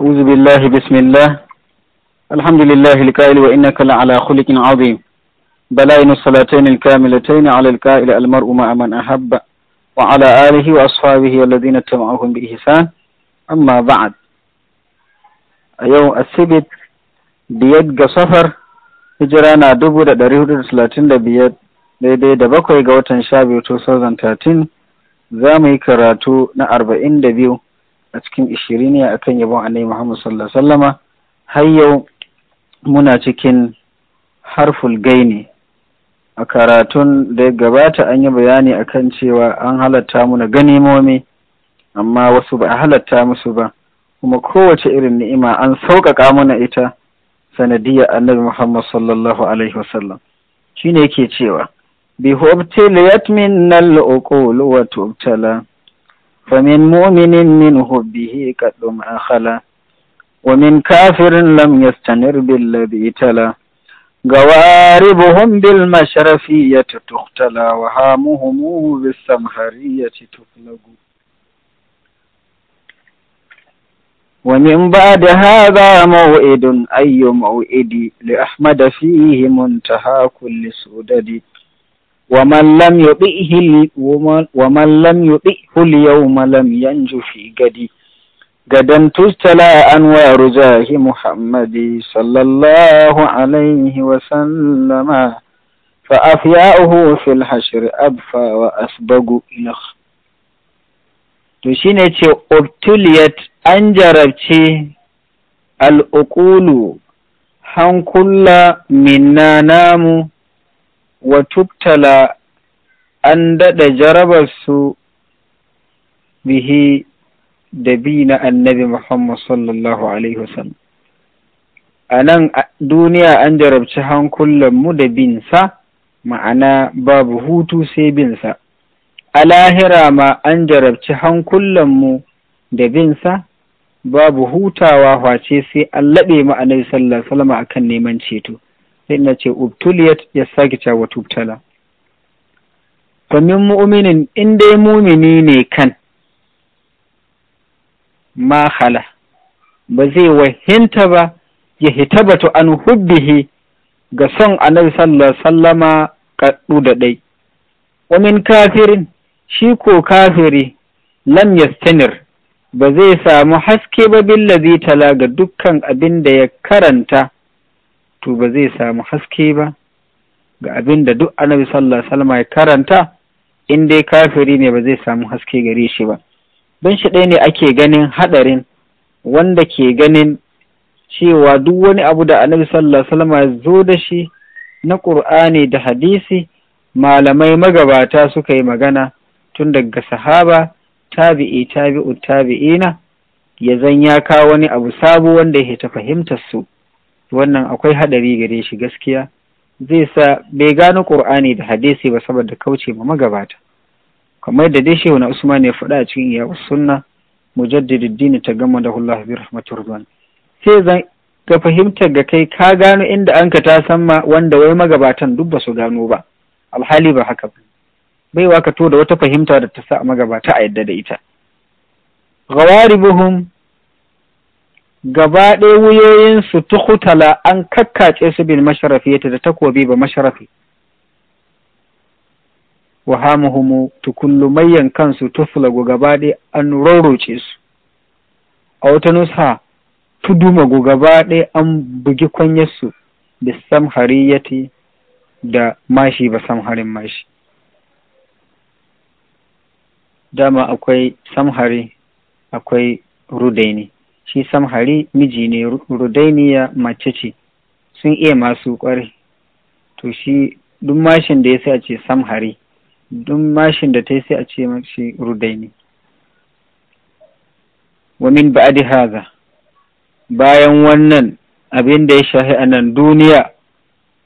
أعوذ بالله بسم الله الحمد لله الكائل وإنك لعلى خلق عظيم بلائن الصلاتين الكاملتين على الكائل المرء مع من أحب وعلى آله وأصحابه والذين اتبعوهم بإحسان أما بعد يوم السبت بيد صفر هجرانا دبو دا دريو سلاتين دا بيد daidai da bakwai ga watan sha biyu 2013 za mu yi karatu na arba'in da biyu a cikin ishiriniya kan yabon annabi Muhammad sallallahu alaihi wasallama har yau muna cikin harful gaini a karatun da ya gabata an yi bayani akan cewa an halatta muna ganimomi amma wasu ba a halatta musu ba kuma kowace irin ni'ima an sauƙaƙa mana ita sanadiyar annabi Muhammad sallallahu alaihi wasallam shine yake cewa bi hubtiliyat nal uqul wa tubtala فمن مؤمن من حبه قد ما خلا ومن كافر لم يستنر بالذي تلا غواربهم بالمشرفية تختلى وهامهم بالسمهرية تفلق ومن بعد هذا موئد أي موئد لأحمد فيه منتهى كل سودد ومن لم يطئه اليوم لم ينج في قدي غدا تجتلى أنوار جاه محمد صلى الله عليه وسلم فأفياؤه في الحشر أبفى وأسبق إلخ تشينة shine ce الأقول an كل منا نامو wa tubtala an daɗa jarabarsu bihi da bi na annabi Muhammad sallallahu Alaihi wasallam. A nan duniya an jarabci hankulanmu da binsa, ma'ana babu hutu sai binsa. A lahira ma an jarabci hankulanmu da binsa, babu hutawa face sai an laɓe ma'anar sallallahu Alaihi wasallam a kan neman ceto. sai na ce ubtuliyat ya sake cewa tubtala famin mu'minin in dai mumini ne kan mahala hala ba zai wahinta ba ya hita hitabatu an hubbihi ga son annabi sallallahu sallama kaɗu da ɗai wamin kafirin shi ko kafiri lam yastanir ba zai samu haske ba billazi tala ga dukkan abin da ya karanta to ba zai samu haske ba ga abin da duk annabi sallallahu alaihi wasallam ya karanta in dai kafiri ne ba zai samu haske gare shi ba don shi ɗaya ne ake ganin haɗarin wanda ke ganin cewa duk wani abu da annabi sallallahu alaihi wasallam ya zo da shi na ƙur'ani da hadisi malamai magabata suka yi magana tun daga sahaba tabi'i tabi'u tabi'ina ya zan ya kawo wani abu sabo wanda ya ta fahimtar su wannan akwai haɗari gare shi gaskiya zai sa bai gano ƙur'ani da hadisi ba saboda kauce ma magabata kamar da dai shehu na usman ya faɗa a cikin iya sunna mujaddidin dini ta gama da hullahu bi rahmatur ruwan sai zan ga fahimtar ga kai ka gano inda an ka san ma wanda wai magabatan duk ba su gano ba alhali ba haka ba baiwa ka to da wata fahimta da ta sa magabata a yadda da ita buhun gaba ɗaya wuyoyinsu tuhutala an kakkace su bil yadda da takobi ba masharafi wa hamuhumu tukullumayyan kansu tuflagu gaba ɗaya an roroce su a wata nusa tudumagu gaba ɗaya an bugi kwanyarsu da samhariyati da mashi ba samharin mashi dama akwai samhari akwai rudaini shi samhari miji ne rudainiya mace ce sun iya masu kwarai to shi duk mashin da ya sai a ce samhari duk mashin da ta yi sai a ce mashi rudaini wamin ba'adi haza bayan wannan abin da ya shahi a nan duniya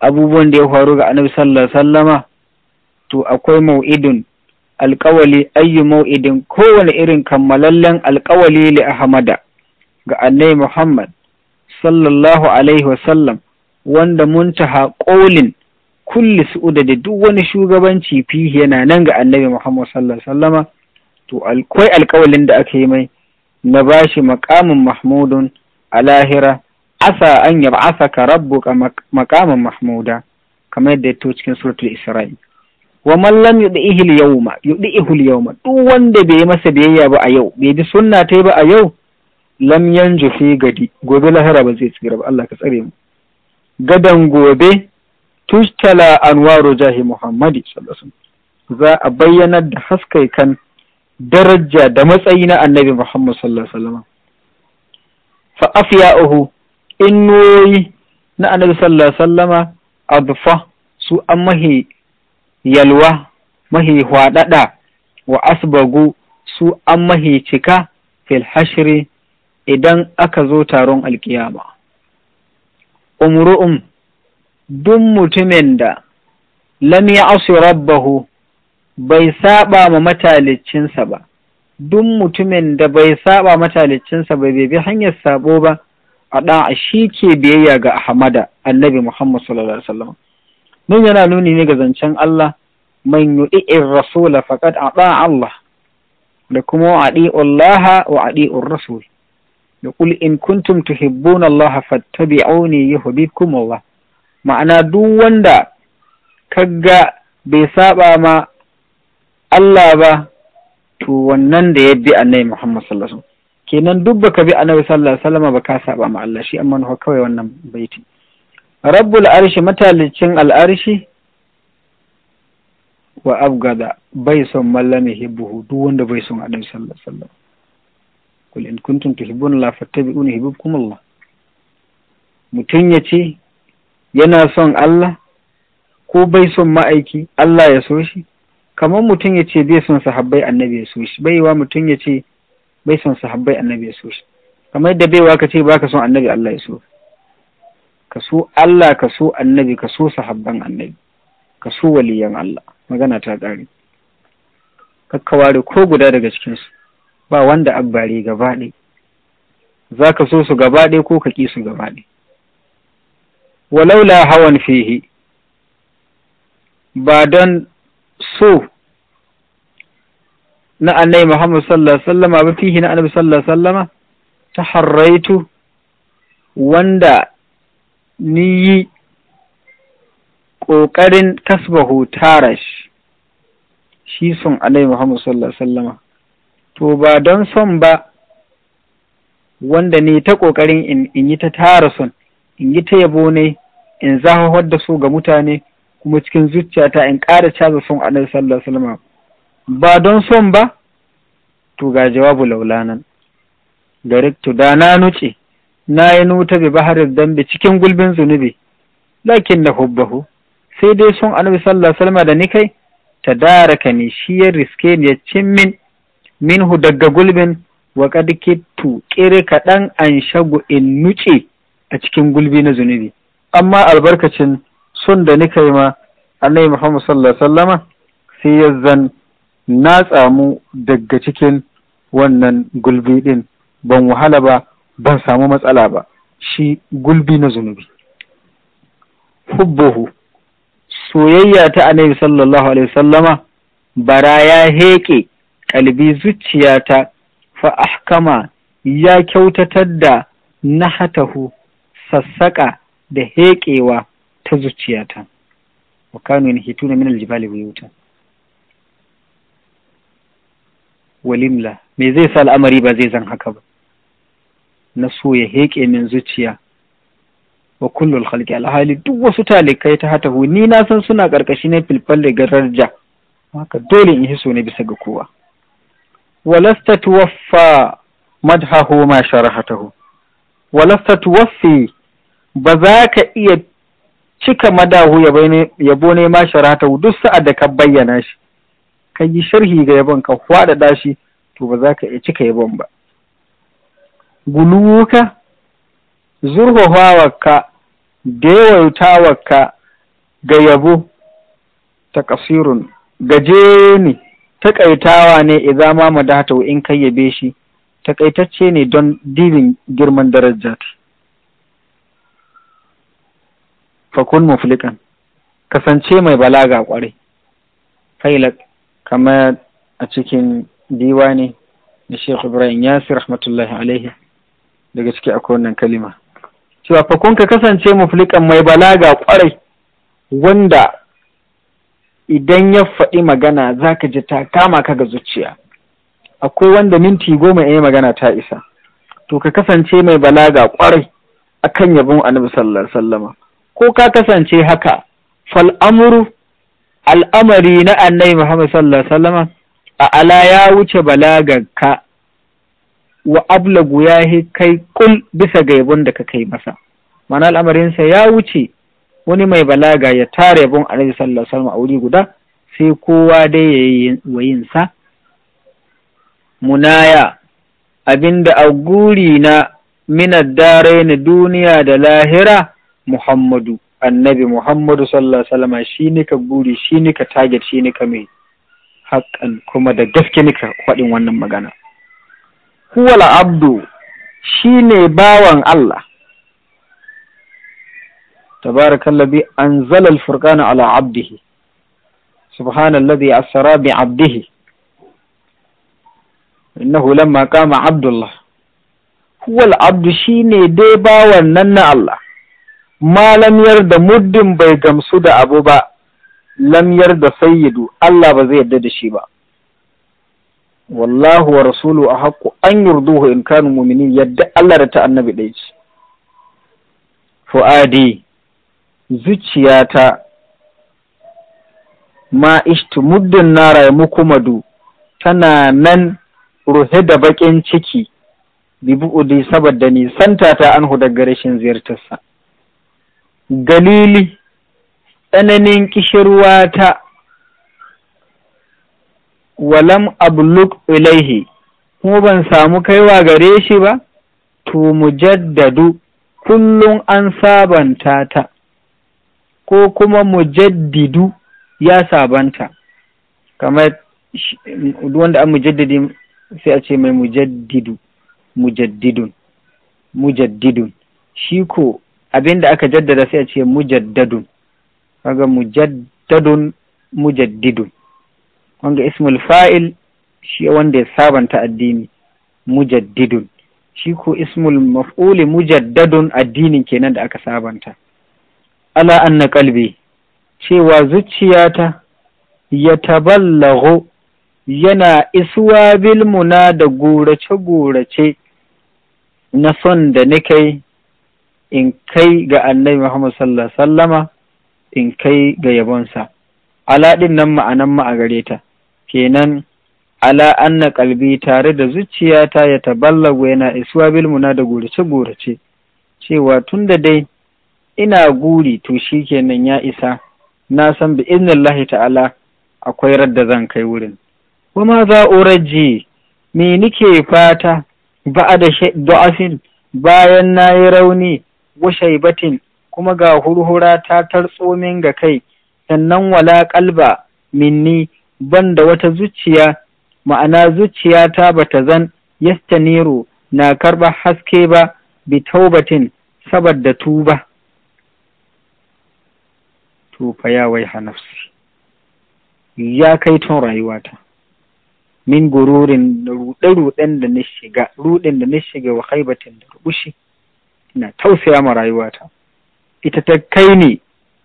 abubuwan da ya faru ga annabi sallallahu sallama to akwai mau'idun alkawali ayyu mau'idin kowane irin kammalallen alkawali li ahmada ga annai Muhammad sallallahu alaihi wasallam wanda muntaha ƙolin kulli su'uda da duk wani shugabanci fihi yana nan ga annabi Muhammad sallallahu alaihi wasallama to akwai alƙawalin da aka yi mai na bashi makamin mahmudun a lahira asa an yab'asaka rabbuka makamin mahmuda kamar yadda ya cikin suratul isra'i wa man lam yud'ihi al-yawma yawma duk wanda bai masa biyayya ba a yau bai bi sunna ta ba a yau lam yanju fi gadi gobe lahira ba zai tsira ba Allah ka tsare mu gadan gobe tushtala anwaru jahi muhammadi sallallahu za a bayyanar da haskai kan daraja da matsayi na annabi muhammad sallallahu alaihi wasallam fa afya'uhu innoyi na annabi sallallahu alaihi wasallama adfa su an mahi yalwa mahi hwadada wa asbagu su an mahi cika fil hashri idan aka zo taron alkiyama. Umru'un duk mutumin da lam ya'si rabbahu bai saba ma matalicinsa ba, duk mutumin da bai saba matalicinsa bai bai bi hanyar sabo ba, a ɗa'a shi ke biyayya ga Ahmada annabi Muhammad sallallahu alaihi wasallam. Nun yana nuni ne ga zancen Allah man yu'i'ir rasula faqad a Allah da kuma wa Allah wa adi'ur rasul. da in kuntum tuhibbuna Allah fattabi'uni yuhibbukum Allah ma'ana duk wanda kaga bai saba ma Allah ba to wannan da ya bi annabi Muhammad sallallahu alaihi wasallam kenan duk baka bi annabi sallallahu alaihi wasallam ba ka saba ma Allah shi amma ho kawai wannan baiti rabbul arshi matalicin al'arshi wa abgada bai son mallame hibbuhu duk wanda bai son annabi sallallahu alaihi wasallam kul in kuntum tuhibbuna la fattabi'uni yuhibbukum Allah mutum ya ce yana son Allah ko bai son ma'aiki Allah ya so shi kamar mutum ya ce bai son sahabbai annabi ya so shi baiwa mutum ya ce bai son sahabbai annabi ya so shi kamar yadda baiwa ka ce baka son annabi Allah ya so ka so Allah ka so annabi ka so sahabban annabi ka so waliyan Allah magana ta ƙare Ka ware ko guda daga cikinsu ba wanda abbare gaba ɗaya za ka so su gaba ɗaya ko ka ƙi su gaba ɗaya walaula hawan fihi ba don so na annai Muhammad sallallahu alaihi wasallama ba fihi na annabi sallallahu alaihi wasallama ta harraitu wanda ni yi ƙoƙarin kasbahu tarash shi sun annai Muhammad sallallahu alaihi wasallama to ba don son ba wanda ne ta ƙoƙarin in yi ta tara son in yi ta yabo ne in zahahar da su ga mutane kuma cikin zuciyata in ƙara caza son annabi sallallahu alaihi ba don son ba to ga jawabu laulanan gariktu da na nuce na yi nuta bi baharin dambe cikin gulbin zunubi lakin na hubbahu sai dai son annabi sallallahu alaihi da ni kai tadaraka ni shi ya riske ni ya cimmin minhu daga gulbin wa kad kere kaɗan an shagu in nuce a cikin gulbi na zunubi amma albarkacin sun da nika yi ma annabi Muhammad sallallahu alaihi wasallama sai ya zan na tsamu daga cikin wannan gulbi ɗin ban wahala ba ban samu matsala ba shi gulbi na zunubi hubbuhu soyayya ta annabi sallallahu alaihi wasallama bara ya heƙe kalbi zuciyata fa ahkama ya kyautatar da na hatahu sassaka da heƙewa ta zuciyata wa kanu minal min aljibali buyuta walimla me zai sa al'amari ba zai zan haka ba na so ya heƙe min zuciya wa kullul khalqi alhali duk wasu talikai ta hatahu ni na san suna ƙarƙashi na filfal da ja. haka dole in hiso ne bisa ga kowa walasta tuwaffa madhahu ma sharahatahu walasta tuwaffi ba za ka iya cika madahu yabo ne ma sharahatahu duk sa'ad da ka bayyana shi ka yi sharhi ga yabon ka hwaɗaɗa shi to ba za ka iya cika yabon ba guluka zurfafawarka ka, ga yabo ta kasirun gaje ne Taƙaitawa ne idza ma madata in kayyabe shi taƙaitacce ne don dibin girman daraja fakun muflikan kasance mai balaga kwarai failak kamar a cikin diwani da Sheikh Ibrahim Yasir rahmatullahi alaihi daga ciki akwai wannan kalima cewa fakun ka kasance muflikan mai balaga kwarai wanda idan ya faɗi magana za ka ji ta kama ka ga zuciya akwai wanda minti goma ya yi magana ta isa to ka kasance mai balaga kwarai akan yabon annabi sallallahu alaihi wasallama ko ka kasance haka fal al'amari na annabi muhammad sallallahu alaihi wasallama a ala ya wuce balaganka wa ablagu ya kai kul bisa ga yabon da ka kai masa mana al'amarinsa ya wuce wani mai balaga ya tare bin annabi sallallahu alaihi wasallam a wuri guda sai kowa dai ya yi wayinsa munaya abinda a guri na minar dare na duniya da lahira muhammadu annabi muhammadu sallallahu alaihi wasallam shi ne ka guri shi ne ka target shi ne ka mai haƙan kuma da gaske ne ka faɗin wannan magana huwal abdu shi ne bawan Allah تبارك الذي أنزل الفرقان على عبده سبحان الذي أسرى بعبده إنه لما قام عبد الله هو العبد شيني ديبا ونن الله ما لم يرد مد بيغم سود أبو با لم يرد سيد الله بزي يدد شيبا والله ورسوله أحق أن يرضوه إن كانوا مؤمنين يد الله رتا النبي ليش فؤادي zuciyata ma ishtu muddin na muku madu tana nan ruhe da baƙin ciki bi bu'udi saboda nisanta ta anhu daga rashin ziyartarsa galili tsananin kishirwa ta walam abluk ilaihi kuma ban samu kaiwa gare shi ba to mujaddadu kullum an sabanta ta ko kuma mujaddidu ya sabanta kamar wanda an mujaddidi sai a ce mai mujaddidu mujaddidun mujaddidun shi ko abin aka jaddada sai a ce mujaddadun kaga mujaddadun mujaddidun wanga ismul fa'il shi wanda ya sabanta addini mujaddidun shi ko ismul maf'uli mujaddadun addinin kenan da aka sabanta ala anna kalbi cewa zuciyata ya taballago yana isuwa bilmuna da gorace-gorace na son da nake in kai ga annabi Muhammad sallallahu sallama in kai ga yabonsa alaɗin nan ma'anan ma a gare ta kenan ala anna kalbi tare da zuciyata ya taballago yana isuwa bilmuna da gurace gorace cewa tun da dai ina guri to shi kenan ya isa na san bi iznillahi ta'ala akwai radda zan kai wurin wa ma za uraji me nike fata ba da du'afin bayan na yi rauni wa shaibatin kuma ga hurhura ta tartso min ga kai sannan wala kalba minni ban da wata zuciya ma'ana zuciyata bata zan yastaniru na karba haske ba bi taubatin saboda tuba to fa ya waiha nafsi ya kai tun rayuwata min gururin da ruɗe-ruɗen da na shiga ruɗin da na shiga wa haibatin da rubushi ina tausaya ma rayuwata ita ta kai ne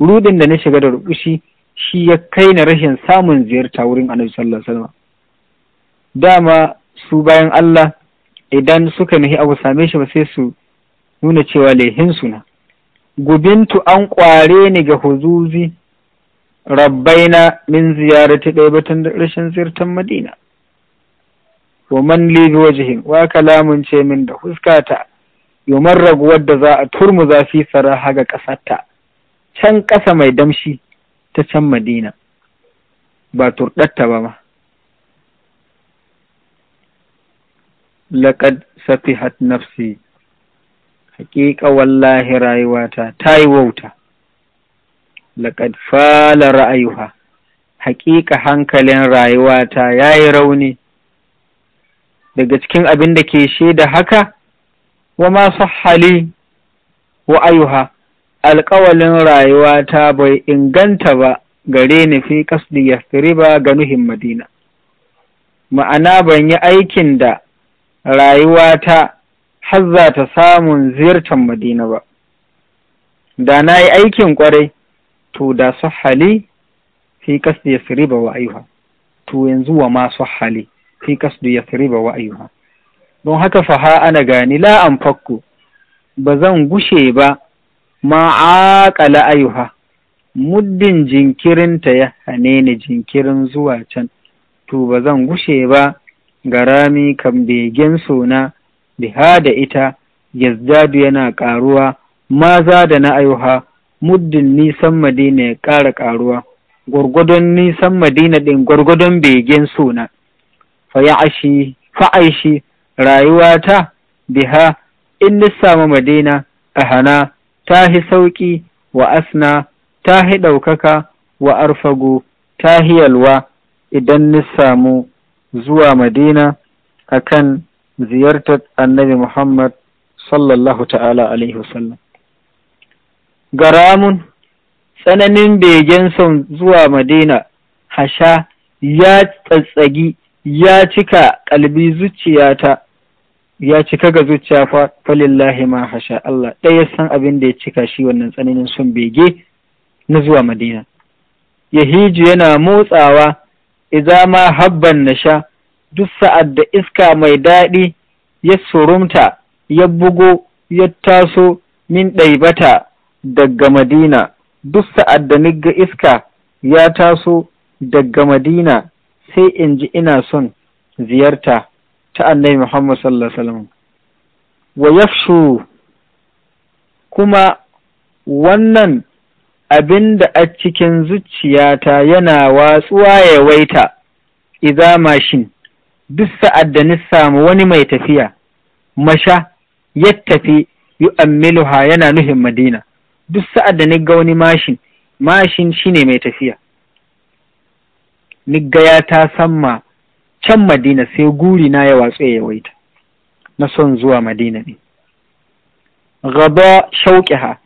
ruɗin da na shiga da rubushi shi ya kai na rashin samun ziyarta wurin annabi sallallahu alaihi wasallam dama su bayan Allah idan suka nahi abu same shi ba sai su nuna cewa lehin suna gubintu an ƙware ni ga huzuzi rabbaina min ziyarati da rashin ziyartar madina wa man li wajihin wa kalamun ce min da huskata yoman raguwar da za a turmu zafi fara haga ƙasarta can ƙasa mai damshi ta can madina ba turɗatta ba ma laƙad safihat nafsi hakika wallahi rayuwata ta yi wauta laƙad fala ra'ayuha haƙiƙa hankalin rayuwata ya yi rauni daga cikin abin da ke shaida haka wa masu hali wa ayuha alƙawalin rayuwata bai inganta ba gare ni fi kasdi ba ga nuhin madina ma'ana ban yi aikin da rayuwata hazza ta samun ziyartar madina ba da na yi aikin kwarai to da su hali fi kasu ya siriba wa ayyuha to yanzu wa ma su hali fi kasu ya siriba wa ayyuha don haka faha ana gani la an fakku ba zan gushe ba ma'aƙala ayyuha muddin jinkirinta ya hane ni jinkirin zuwa can to ba zan gushe ba ga rami kan begen sona biha da ita yazdadu yana ƙaruwa maza da na ayuha muddin nisan madina ya ƙara ƙaruwa gwargwadon nisan madina ɗin gwargwadon begen suna fa'aishi ta. biha in nisamu madina a hana ta hi sauƙi wa asna ta hi ɗaukaka wa arfagu ta hi yalwa idan nisamu zuwa madina akan ziyartar annabi Muhammad sallallahu ta'ala alaihi wasallam. Garamun tsananin begen son zuwa Madina hasha ya tsatsagi ya cika kalbi zuciyata ya cika ga zuciya falillahi ma hasha Allah ɗaya san abin da ya cika shi wannan tsananin son bege na zuwa Madina. Yahiju yana motsawa Iza ma habban na sha. duk sa'ad da iska mai daɗi ya surumta ya bugo ya taso min ɗaibata daga madina duk sa'ad da niga iska ya taso daga madina sai in ji ina son ziyarta ta annabi muhammad sallallahu alaihi wasallam wa yafshu kuma wannan abin da a cikin zuciyata yana watsuwa ya waita iza mashin duk sa'ad da ni samu wani mai tafiya masha ya tafi yu'ammiluha yana nuhin madina duk sa'ad da ni ga wani mashin mashin shine mai tafiya ni ga ya ta ma can madina sai guri na ya watsu ya yawaita na son zuwa madina ne gaba shauƙi ha,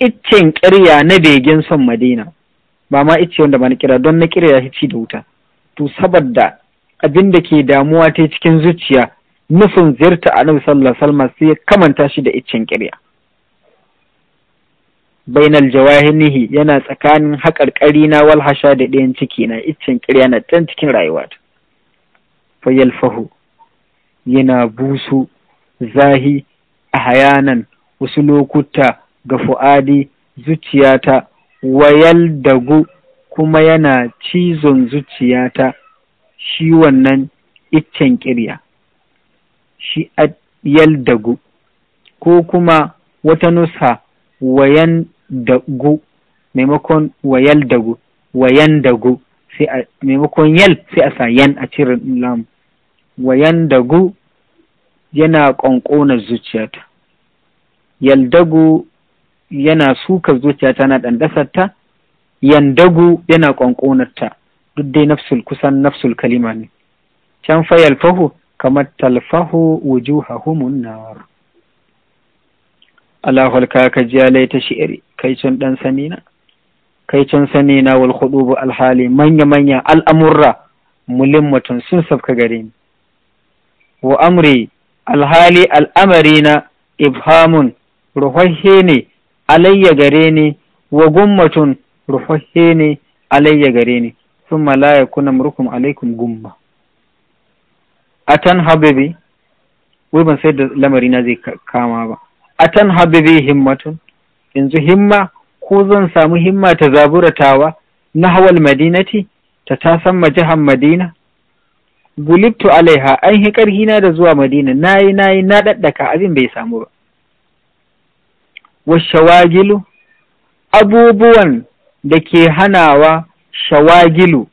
iccen ƙirya na begen son madina ba ma icce wanda ba na kira don na kira ya ci da wuta to saboda abin da ke damuwa ta cikin zuciya nufin ziyarta annabi sallallahu alaihi wasallam sai kamanta shi da iccen kirya bainal jawahinihi yana tsakanin haƙarƙari na walhasha da ɗayan ciki na iccen kirya na can cikin rayuwa fayal fahu yana busu zahi a hayanan wasu lokuta ga fu'adi zuciyata wayal dagu kuma yana cizon zuciyata shi wannan iccen ƙirya shi yal yaldagu, ko kuma wata nusa wayan dagu maimakon wayal dagu wayan dagu maimakon yal sai a sa yan a cirin lam wayan dagu yana ƙwanƙonar zuciyata yaldagu yana suka zuciyata na ɗandasarta yandagu yana ƙonƙonarta. duk dai nafsul kusan nafsul kalima ne can fa yalfahu kamar talfahu wujuhahumun nar alahul ka jiya laita shi'iri kai can dan sani na kai can sani na wal khudubu alhali manya manya al'amurra mulin mutum sun safka gare ni wa amri alhali al'amari na ibhamun ruhahhe ne alayya gare ni wa gummatun ruhahhe ne alayya gare ni sun malaya kuna murkum alaikum gumma atan habibi wai ban sai da lamari na zai kama ba atan habibi himmatun yanzu himma ko zan samu himma ta zaburatawa na hawal madinati ta tasan majihan madina gulibtu alaiha an yi ƙarhina da zuwa madina na yi na daddaka abin bai samu ba Washe wagilu abubuwan da ke hanawa shawagilu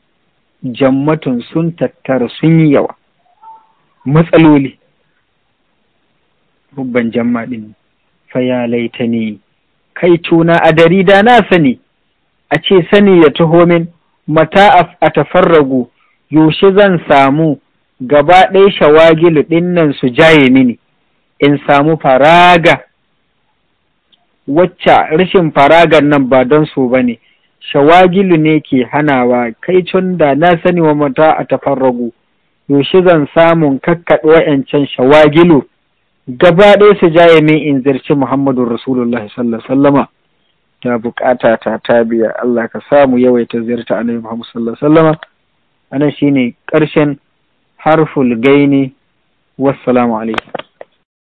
jammatun sun tattara sun yi yawa matsaloli rubban jamma ɗin laita ne kai tuna a dari da na sani a ce sani ya taho min mata a tafarragu yaushe zan samu gaba ɗaya shawagilu ɗin su jaye mini in samu faraga wacce rashin faragar nan ba don su ba ne shawagilu ne ke hanawa kai cun da na sani wa mata a tafarragu yaushe zan samun kakkaɗe wa'yancan shawagilu gaba ɗaya su jaye min in zirci Muhammadu rasulullah sallallahu sallama ta bukata ta tabiya allah ka samu yawaita ziyarta annabi muhammadu sallallahu sallama anan shine ƙarshen harful gaini wassalamu alaikum